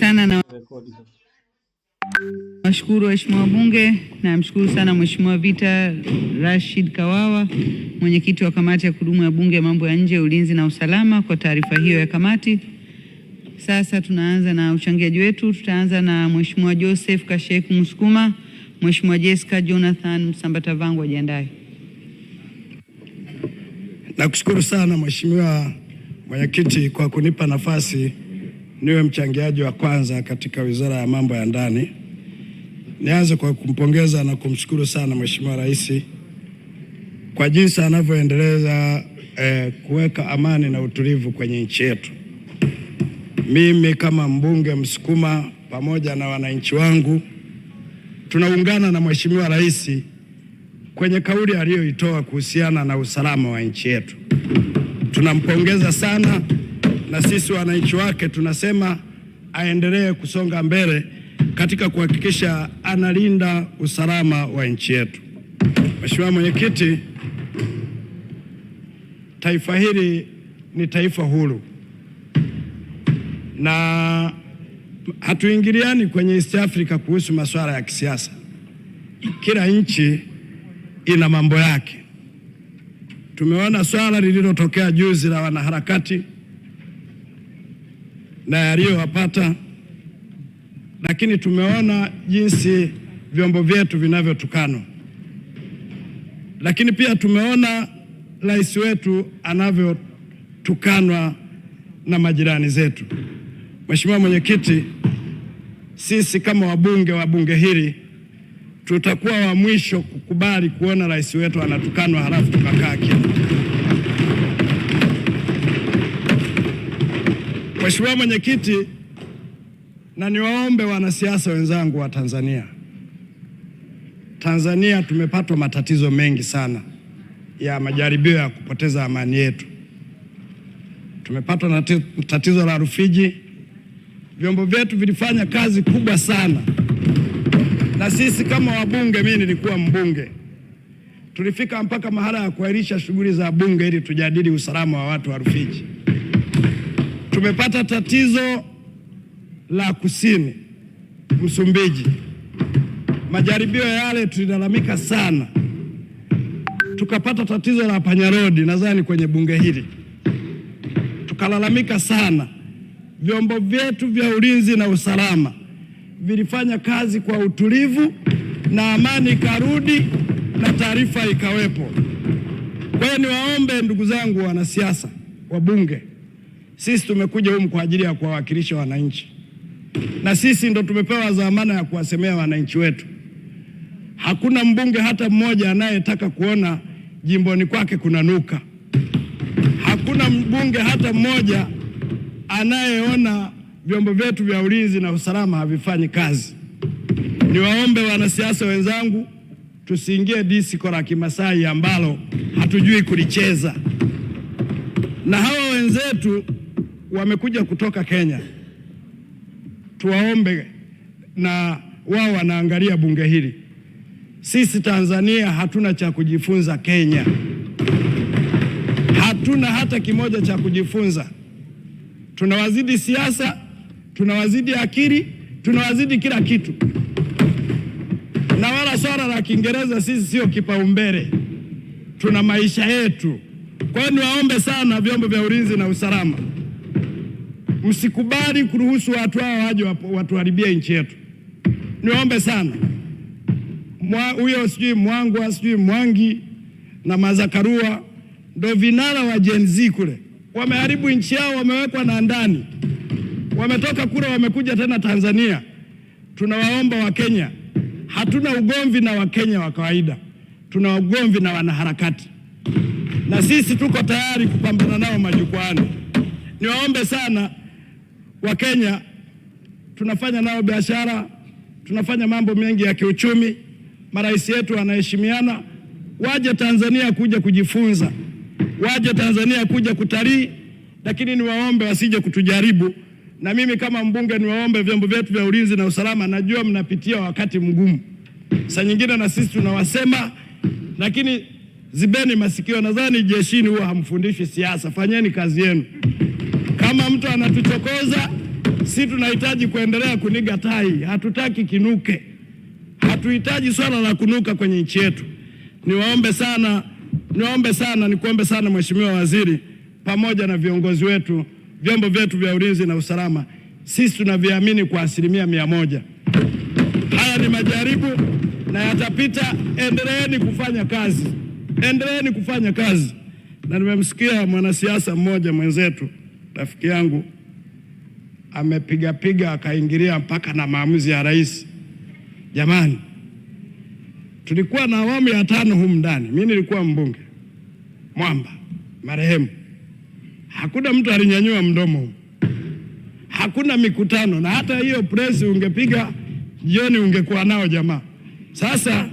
sana na washukuru waheshimiwa wabunge. Namshukuru sana Mheshimiwa Vita Rashid Kawawa, mwenyekiti wa kamati ya kudumu ya Bunge ya mambo ya nje, ulinzi na usalama, kwa taarifa hiyo ya kamati. Sasa tunaanza na uchangiaji wetu. Tutaanza na Mheshimiwa Joseph Kasheku Musukuma, Mheshimiwa Jessica Jonathan msambatavangu ajiandae. Nakushukuru sana Mheshimiwa Mwenyekiti kwa kunipa nafasi niwe mchangiaji wa kwanza katika Wizara ya Mambo ya Ndani. Nianze kwa kumpongeza na kumshukuru sana Mheshimiwa Rais kwa jinsi anavyoendeleza eh, kuweka amani na utulivu kwenye nchi yetu. Mimi kama mbunge Msukuma pamoja na wananchi wangu tunaungana na Mheshimiwa Rais kwenye kauli aliyoitoa kuhusiana na usalama wa nchi yetu. Tunampongeza sana na sisi wananchi wake tunasema aendelee kusonga mbele katika kuhakikisha analinda usalama wa nchi yetu. Mheshimiwa Mwenyekiti, taifa hili ni taifa huru na hatuingiliani kwenye East Africa kuhusu masuala ya kisiasa. Kila nchi ina mambo yake. Tumeona swala lililotokea juzi la wanaharakati na yaliyowapata, lakini tumeona jinsi vyombo vyetu vinavyotukanwa, lakini pia tumeona rais wetu anavyotukanwa na majirani zetu. Mheshimiwa Mwenyekiti, sisi kama wabunge wa bunge hili tutakuwa wa mwisho kukubali kuona rais wetu anatukanwa halafu tukakaa kimya. Mheshimiwa Mwenyekiti, na niwaombe wanasiasa wenzangu wa Tanzania, Tanzania tumepatwa matatizo mengi sana ya majaribio ya kupoteza amani yetu. Tumepatwa na tatizo la Rufiji. Vyombo vyetu vilifanya kazi kubwa sana na sisi kama wabunge, mimi nilikuwa mbunge, tulifika mpaka mahala ya kuahirisha shughuli za bunge ili tujadili usalama wa watu wa Rufiji. Tumepata tatizo la kusini Msumbiji, majaribio yale tulilalamika sana, tukapata tatizo la panyarodi, nadhani kwenye bunge hili tukalalamika sana. Vyombo vyetu vya ulinzi na usalama vilifanya kazi kwa utulivu na amani ikarudi na taarifa ikawepo. Kwa hiyo niwaombe ndugu zangu wanasiasa, wabunge, sisi tumekuja humu kwa ajili ya kuwawakilisha wananchi, na sisi ndo tumepewa dhamana ya kuwasemea wananchi wetu. Hakuna mbunge hata mmoja anayetaka kuona jimboni kwake kuna nuka Hakuna mbunge hata mmoja anayeona vyombo vyetu vya ulinzi na usalama havifanyi kazi. Niwaombe wanasiasa wenzangu, tusiingie disko la Kimasai ambalo hatujui kulicheza. Na hawa wenzetu wamekuja kutoka Kenya, tuwaombe na wao wanaangalia bunge hili. Sisi Tanzania hatuna cha kujifunza Kenya, hatuna hata kimoja cha kujifunza. Tunawazidi siasa tunawazidi akili, tunawazidi kila kitu, na wala swala la Kiingereza sisi sio kipaumbele, tuna maisha yetu. Kwa hiyo niwaombe sana vyombo vya ulinzi na usalama, msikubali kuruhusu watu hao waje watuharibie nchi yetu. Niwaombe sana huyo sijui Mwangwa sijui Mwangi na Mazakarua ndo vinara wa Gen Z kule, wameharibu nchi yao, wamewekwa na ndani wametoka kura, wamekuja tena Tanzania. Tunawaomba Wakenya, hatuna ugomvi na Wakenya wa kawaida, tuna ugomvi na wanaharakati, na sisi tuko tayari kupambana nao majukwaani. Niwaombe sana Wakenya, tunafanya nao biashara, tunafanya mambo mengi ya kiuchumi, marais yetu wanaheshimiana. Waje Tanzania kuja kujifunza, waje Tanzania kuja kutalii, lakini niwaombe wasije kutujaribu na mimi kama mbunge niwaombe vyombo vyetu vya ulinzi na usalama, najua mnapitia wakati mgumu, saa nyingine na sisi tunawasema, lakini zibeni masikio. Nadhani jeshini huwa hamfundishi siasa, fanyeni kazi yenu. Kama mtu anatuchokoza, si tunahitaji kuendelea kuniga tai, hatutaki kinuke, hatuhitaji swala la kunuka kwenye nchi yetu. Niwaombe sana, niwaombe sana, nikuombe sana Mheshimiwa Waziri pamoja na viongozi wetu vyombo vyetu vya ulinzi na usalama sisi tunaviamini kwa asilimia mia moja. Haya ni majaribu na yatapita. Endeleeni kufanya kazi, endeleeni kufanya kazi. Na nimemsikia mwanasiasa mmoja mwenzetu, rafiki yangu, amepigapiga akaingilia mpaka na maamuzi ya rais. Jamani, tulikuwa na awamu ya tano humu ndani, mi nilikuwa mbunge Mwamba marehemu hakuna mtu alinyanyua mdomo, hakuna mikutano, na hata hiyo presi ungepiga jioni ungekuwa nao jamaa. Sasa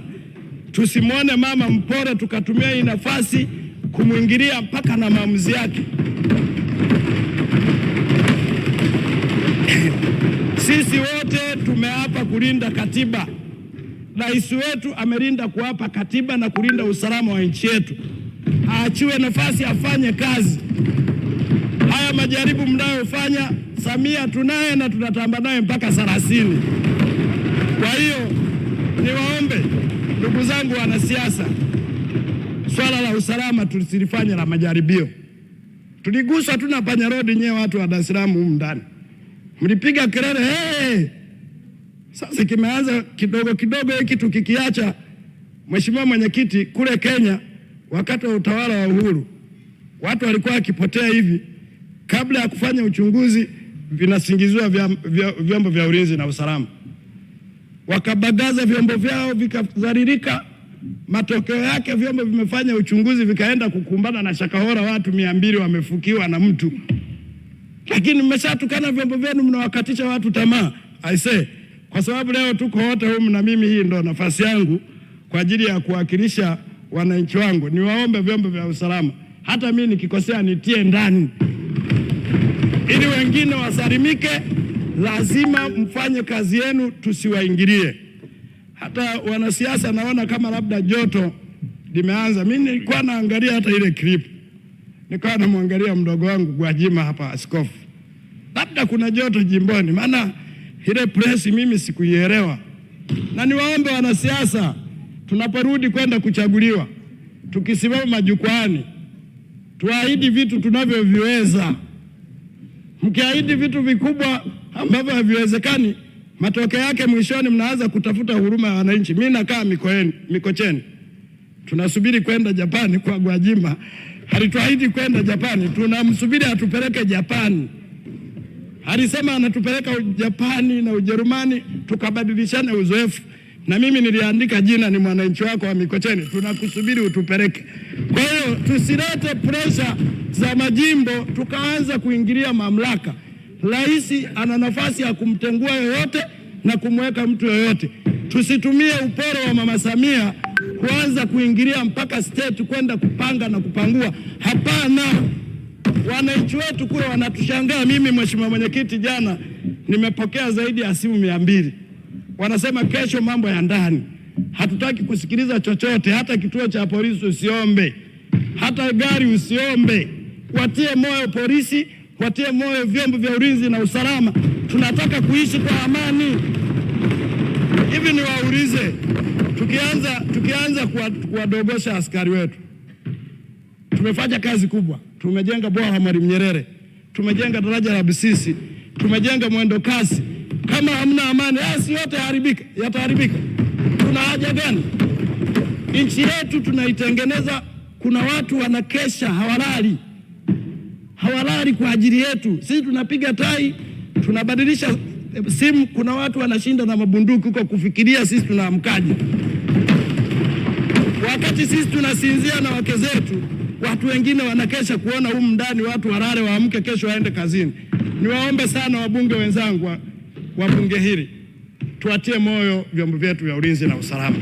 tusimwone mama mpore, tukatumia hii nafasi kumwingilia mpaka na maamuzi yake. Sisi wote tumeapa kulinda katiba. Rais wetu amelinda kuapa katiba na kulinda usalama wa nchi yetu. Aachiwe nafasi afanye kazi haya majaribu mnayofanya, Samia tunaye na tunatamba naye mpaka thelathini. Kwa hiyo niwaombe ndugu zangu wanasiasa, swala la usalama tusilifanye la majaribio. Tuliguswa tu na panya road, nyewe watu wa Dar es Salaam humu ndani mlipiga kelele hey! Sasa kimeanza kidogo kidogo, hiki tukikiacha, Mheshimiwa Mwenyekiti, kule Kenya wakati wa utawala wa Uhuru watu walikuwa wakipotea hivi kabla ya kufanya uchunguzi vinasingiziwa vyombo vya ulinzi na usalama, wakabagaza vyombo vyao vikazaririka. Matokeo yake vyombo vimefanya uchunguzi vikaenda kukumbana na shakahora, watu mia mbili wamefukiwa na mtu. Lakini mmeshatukana vyombo vyenu, mnawakatisha watu tamaa. Aise, kwa sababu leo tuko wote humu na mimi, hii ndo nafasi yangu kwa ajili ya kuwakilisha wananchi wangu. Niwaombe vyombo vya usalama, hata mimi nikikosea nitie ndani ili wengine wasalimike, lazima mfanye kazi yenu, tusiwaingilie. Hata wanasiasa naona kama labda joto limeanza. Mi nilikuwa naangalia hata ile clip, nikawa namwangalia mdogo wangu Gwajima hapa, askofu, labda kuna joto jimboni, maana ile press mimi sikuielewa. Na niwaombe wanasiasa, tunaporudi kwenda kuchaguliwa, tukisimama majukwani tuahidi vitu tunavyoviweza. Mkiahidi vitu vikubwa ambavyo haviwezekani, matokeo yake mwishoni mnaanza kutafuta huruma ya wananchi. Mi nakaa Mikocheni, tunasubiri kwenda Japani kwa Gwajima. Halituahidi kwenda Japani, tunamsubiri atupeleke Japani. Alisema anatupeleka Japani na Ujerumani tukabadilishane uzoefu, na mimi niliandika jina, ni mwananchi wako wa Mikocheni, tunakusubiri utupeleke. Kwa hiyo tusilete presha za majimbo tukaanza kuingilia mamlaka. Rais ana nafasi ya kumtengua yoyote na kumweka mtu yoyote. Tusitumie uporo wa Mama Samia kuanza kuingilia mpaka state kwenda kupanga na kupangua. Hapana, wananchi wetu kule wanatushangaa. Mimi mheshimiwa mwenyekiti, jana nimepokea zaidi ya simu mia mbili, wanasema kesho mambo ya ndani, hatutaki kusikiliza chochote, hata kituo cha polisi usiombe hata gari usiombe. Watie moyo polisi, watie moyo vyombo vya ulinzi na usalama. Tunataka kuishi kwa amani. Hivi niwaulize, tukianza tukianza kuwadogosha askari wetu, tumefanya kazi kubwa, tumejenga bwawa la Mwalimu Nyerere, tumejenga daraja la Busisi, tumejenga mwendo kasi. Kama hamna amani, basi ah, yote haribika, yataharibika. Tuna haja gani? Nchi yetu tunaitengeneza kuna watu wanakesha hawalali, hawalali kwa ajili yetu. Sisi tunapiga tai, tunabadilisha eh, simu. Kuna watu wanashinda na mabunduki kwa kufikiria sisi tunaamkaji wakati sisi tunasinzia na wake zetu. Watu wengine wanakesha kuona humu ndani watu walale, waamke kesho waende kazini. Niwaombe sana wabunge wenzangu wa bunge hili, tuwatie moyo vyombo vyetu vya ulinzi na usalama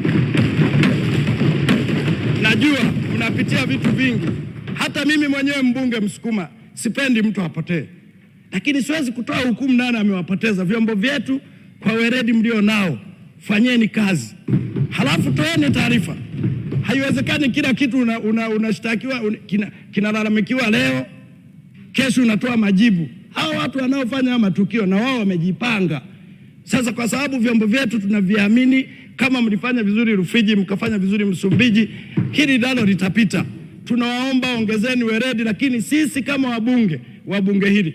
najua unapitia vitu vingi. Hata mimi mwenyewe mbunge Msukuma sipendi mtu apotee, lakini siwezi kutoa hukumu nani amewapoteza. Vyombo vyetu kwa weredi mlio nao, fanyeni kazi, halafu toeni taarifa. Haiwezekani kila kitu unashtakiwa una, una un, kinalalamikiwa kina leo, kesho unatoa majibu. Hao watu wanaofanya matukio na wao wamejipanga. Sasa kwa sababu vyombo vyetu tunaviamini, kama mlifanya vizuri Rufiji, mkafanya vizuri Msumbiji, hili nalo litapita. Tunawaomba ongezeni weredi lakini sisi kama wabunge wa bunge hili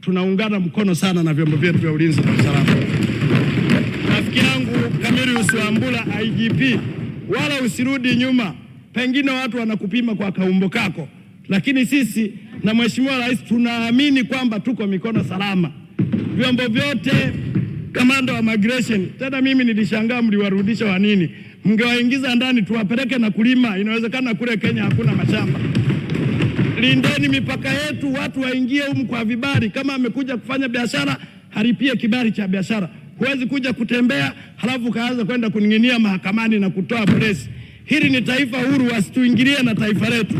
tunaungana mkono sana na vyombo vyetu vya ulinzi na usalama. Rafiki yangu Camillus Wambura IGP, wala usirudi nyuma. Pengine watu wanakupima kwa kaumbo kako, lakini sisi na Mheshimiwa Rais tunaamini kwamba tuko mikono salama. Vyombo vyote, kamanda wa migration, tena mimi nilishangaa mliwarudisha wa nini? mngewaingiza ndani tuwapeleke na kulima. Inawezekana kule Kenya hakuna mashamba. Lindeni mipaka yetu, watu waingie humu kwa vibali. Kama amekuja kufanya biashara, haripie kibali cha biashara. Huwezi kuja kutembea halafu kaanza kwenda kuning'inia mahakamani na kutoa presi. Hili ni taifa huru, wasituingilie na taifa letu.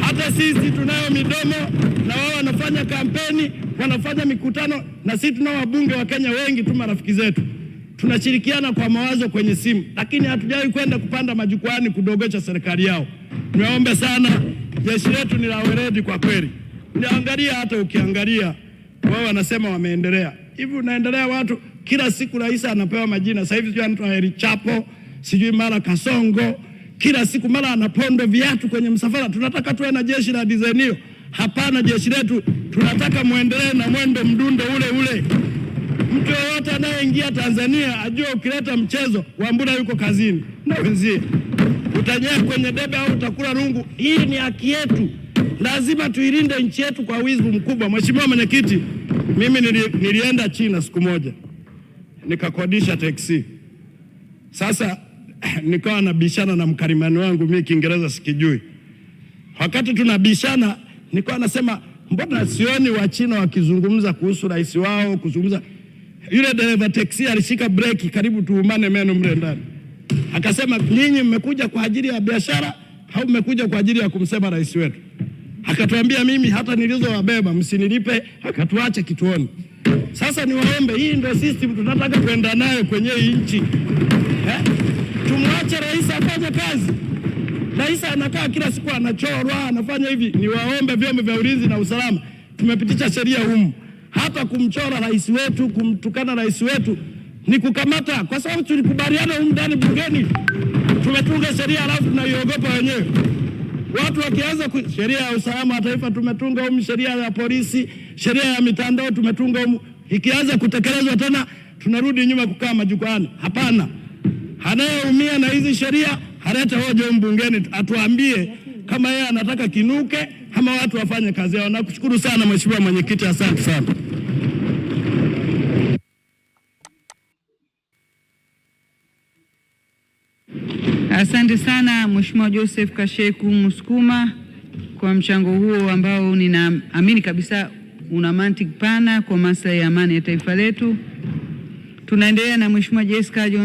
Hata sisi tunayo midomo na wao wanafanya kampeni, wanafanya mikutano, na sisi tunao wabunge wa Kenya wengi tu, marafiki zetu tunashirikiana kwa mawazo kwenye simu, lakini hatujawahi kwenda kupanda majukwani kudogocha serikali yao. Niwaombe sana, jeshi letu ni la weledi kwa kweli. Niangalia hata ukiangalia wao wanasema wameendelea hivi, unaendelea watu kila siku rais anapewa majina. Sasa hivi sijui anaitwa Heri Chapo, sijui mara Kasongo, kila siku mara anapondo viatu kwenye msafara. Tunataka tuwe na jeshi la dizaini hiyo? Hapana, jeshi letu tunataka muendelee na mwendo mdundo ule ule. Mtu yeyote anayeingia Tanzania ajue ukileta mchezo Wambura yuko kazini na wenzie, utanyea kwenye debe au utakula rungu. Hii ni haki yetu, lazima tuilinde nchi yetu kwa wizu mkubwa. Mheshimiwa Mwenyekiti, mimi nili, nilienda China siku moja nikakodisha teksi. Sasa nikawa nabishana na mkalimani wangu, mimi Kiingereza sikijui. Wakati tunabishana, nikawa nasema mbona sioni Wachina wakizungumza kuhusu rais wao kuzungumza yule dereva teksi alishika breki, karibu tuumane meno mle ndani, akasema nyinyi mmekuja kwa ajili ya biashara au mmekuja kwa ajili ya kumsema rais wetu? Akatuambia mimi hata nilizowabeba msinilipe, akatuache kituoni. Sasa niwaombe, hii ndio system tunataka kwenda nayo kwenye hii nchi eh? Tumwache rais afanye kazi. Rais anakaa kila siku anachorwa, anafanya hivi. Niwaombe vyombo vya ulinzi na usalama, tumepitisha sheria humu hata kumchora rais wetu, kumtukana rais wetu ni kukamata, kwa sababu tulikubaliana humu ndani bungeni, tumetunga sheria alafu tunaiogopa wenyewe. Watu wakianza ku... sheria ya usalama wa taifa tumetunga humu, sheria ya polisi, sheria ya mitandao tumetunga humu, ikianza kutekelezwa tena tunarudi nyuma kukaa majukwani Hapana, anayeumia na hizi sheria halete hoja humu bungeni, atuambie kama yeye anataka kinuke ama watu wafanye kazi yao. Nakushukuru sana mheshimiwa mwenyekiti, asante sana. Asante sana Mheshimiwa Joseph Kasheku Musukuma kwa mchango huo ambao ninaamini kabisa una mantiki pana kwa maslahi ya amani ya taifa letu. Tunaendelea na Mheshimiwa Jessica Jones.